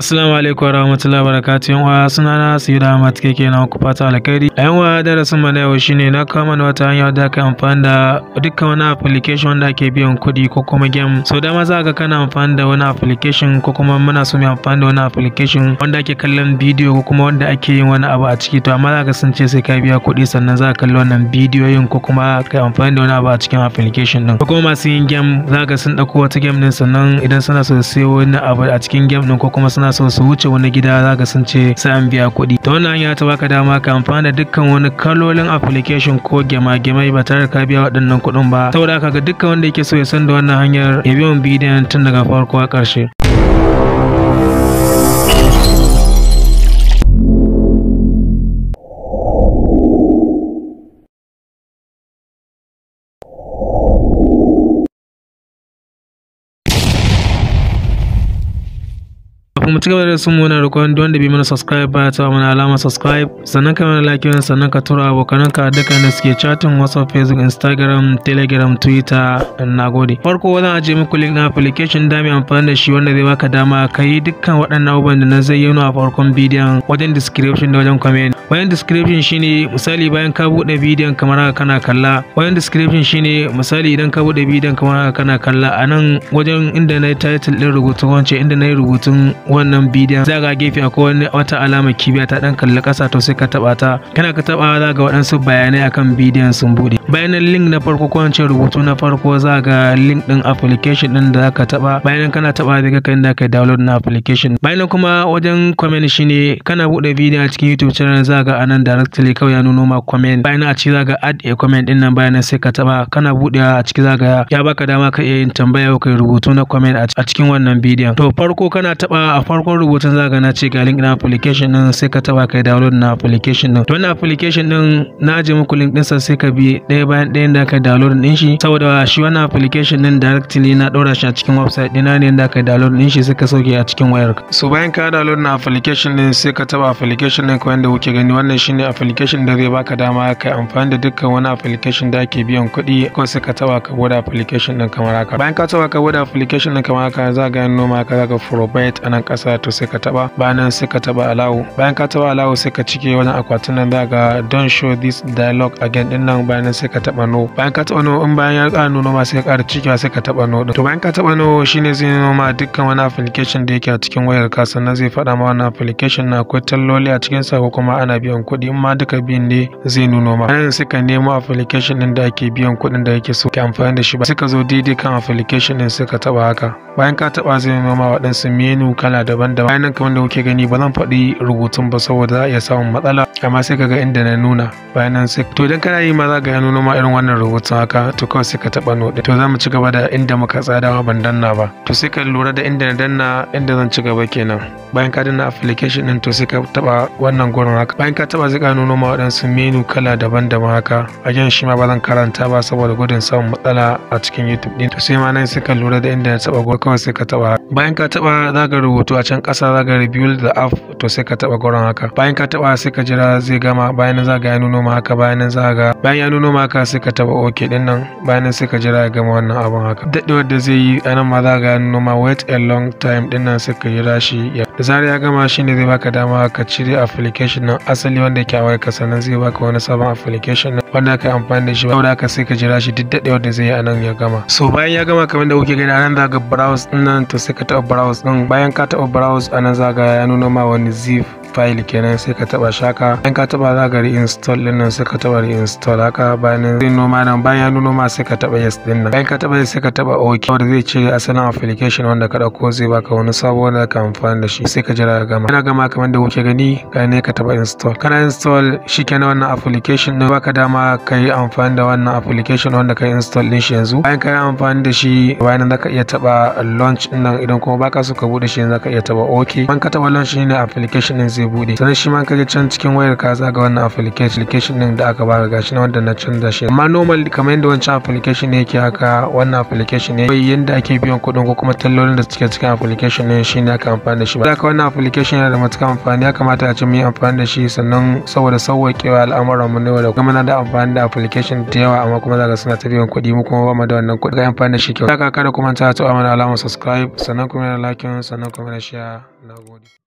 Assalamu alaikum warahmatullahi wabarakatuh yan uwa sunana Sayyida Ahmad keke na ku fata alkhairi a yan uwa darasin mu na yau shine na kama mana wata hanya da ka amfani da dukkan wani application da ake biyan kuɗi ko kuma game so da ma za ka kana amfani da wani application ko kuma muna so mu amfani da wani application wanda ake kallon bidiyo ko kuma wanda ake yin wani abu a ciki to amma za ka san ce sai ka biya kuɗi sannan za ka kalli wannan bidiyoyin ko kuma ka amfani da wani abu a cikin application din ko kuma masu yin game za ka san dauko wata game din sannan idan suna so su sayo wani abu a cikin game din ko kuma suna son su wuce wani gida za ka sun ce sai an biya kuɗi ta wannan hanya ta baka dama ka amfana da dukkan wani kalolin application ko gyama gemai ba tare da ka biya waɗannan kuɗin ba saboda haka ga dukkan wanda yake so ya san da wannan hanyar ya biyan bidiyon tun daga farko a ƙarshe Kafin mu ci gaba da sun muna roƙon duk wanda mana subscribe ba ta mana alama subscribe sannan ka mana like sannan ka tura ka duka da suke chatting WhatsApp Facebook Instagram Telegram Twitter dan nagode. Farko wannan aje muku link na application da mai amfani da shi wanda zai baka dama ka yi dukkan waɗannan abubuwan da na zayyano a farkon bidiyon wajen description da wajen comment. Wajen description shine misali bayan ka buɗe bidiyon kamar haka kana kalla. Wajen description shine misali idan ka buɗe bidiyon kamar haka kana kalla a nan wajen inda na yi title ɗin rubutu wance inda na yi rubutun wannan bidiyon za ga gefe akwai wata alamar kibiya ta dan kalli kasa to sai ka taba ta kana ka taba za ga waɗansu bayanai akan bidiyon sun bude bayan link na farko ko wance rubutu na farko za ga link din application din da za ka taba bayan kana taba daga kai da kai download na application bayan kuma wajen comment shine kana bude bidiyon a cikin YouTube channel za ga anan directly kawai ya nuno ma comment bayan a ci za ga add a comment din nan bayan sai ka taba kana bude a ciki za ga ya baka dama ka iya yin tambaya ko kai rubutu na comment a cikin wannan bidiyon to farko kana taba a farkon rubutun ka na ce ga link na application din sai ka taba kai download na application din wannan application din na aje muku link din sa sai ka bi ɗaya bayan ɗaya da ka download din shi saboda shi wannan application din directly na ɗora shi a cikin website ɗina ne da ka download din shi sai ka sauke a cikin wayar ka so bayan ka download na application din sai ka taba application din kamar yadda kuke gani wannan shine application da zai baka dama ka amfani da dukkan wani application da ake biyan kuɗi ko sai ka taba ka bude application din kamar haka bayan ka taba ka bude application din kamar haka za ka gano ma ka ka provide ana nan ƙasa to sai ka taɓa bayan nan sai ka taɓa alawo bayan ka taɓa alawo sai ka cike wannan akwatin nan za ga don show this dialogue again din nan bayan nan sai ka taɓa no bayan ka taɓa no in bayan ya ƙara nuno ma sai ka ƙara cikewa sai ka taɓa no to bayan ka taɓa no shine zai nuno ma dukkan wani application da yake a cikin wayar ka sannan zai faɗa ma wannan application na akwai talloli a cikin sa ko kuma ana biyan kuɗi in ma duka biyan ne zai nuno ma nan sai ka nemo application din da ake biyan kuɗin da yake so ka amfani da shi ba sai ka zo daidai kan application din sai ka taɓa haka bayan ka taɓa zai nuno ma waɗansu menu kan kala daban-daban bayan kamar da kuke gani ba zan faɗi rubutun ba saboda za a iya samun matsala amma sai ka ga inda na nuna bayan nan sai to idan kana yi ma za ka ya nuno ma irin wannan rubutun haka to kawai sai ka taɓa noɗe to za mu ci gaba da inda muka tsadawa ban danna ba to sai ka lura da inda na danna inda zan ci gaba kenan bayan ka danna application din to sai ka taɓa wannan gurin haka bayan ka taɓa zai ka nuno ma waɗansu menu kala daban-daban haka a jan shi ma ba zan karanta ba saboda gudun samun matsala a cikin youtube din to sai ma nan sai ka lura da inda na taɓa kawai sai ka taɓa bayan ka taɓa za ka rubuta hoto a can ƙasa za ka rebuild the app to sai ka taɓa gurin haka bayan ka taɓa sai ka jira zai gama bayan nan za ga ya nuno ma haka bayan nan za ga bayan ya nuno ma haka sai ka taɓa ok din nan bayan nan sai ka jira ya gama wannan abun haka daɗewar da zai yi a nan ma za ga ya nuno ma wait a long time din nan sai ka jira shi ya da zarar ya gama shi ne zai baka dama ka cire application nan asali wanda yake a ka sannan zai baka wani sabon application nan wanda ka amfani da shi ba. da ka sai ka jira shi duk daɗewar da zai yi a nan ya gama so bayan ya gama kamar da kuke gani a nan za ga browse din nan to sai ka taɓa browse din bayan ka taɓa browse a nan zagaya ya nuna ma wani zip file kenan sai ka taba shaka bayan ka taba za ka reinstall din nan sai ka taba reinstall haka bayan zai noma nan bayan ya noma sai ka taba yes din nan bayan ka taba sai ka taba ok wanda zai ce asalin application wanda ka dauko zai baka wani sabo wanda ka amfani da shi sai ka jira ka gama kana gama kamar da wuce gani ga ne ka taba install kana install shi kenan wannan application din baka dama ka yi amfani da wannan application wanda ka install din shi yanzu bayan ka yi amfani da shi bayan zaka iya taba launch din nan idan kuma baka so ka bude shi zaka iya taba ok bayan ka taba launch ne application din zai bude sannan shi ma ka je can cikin wayar ka za ga wannan application application din da aka baka gashi na wanda na canza shi amma normal kamar yadda wancan application ne yake haka wannan application ne bai yanda ake biyan kuɗin ko kuma tallolin da suke cikin application ne shi ne aka amfani da shi ba haka wannan application yana da matuƙar amfani ya kamata a ce mu yi amfani da shi sannan saboda sauwaƙewa al'amuran mu ne wanda kuma na da amfani da application da yawa amma kuma zaka suna ta biyan kuɗi mu kuma ba mu da wannan kuɗi ga amfani da shi kyau haka kada kuma ta ta amana alamar subscribe sannan kuma yana like sannan kuma yana share nagode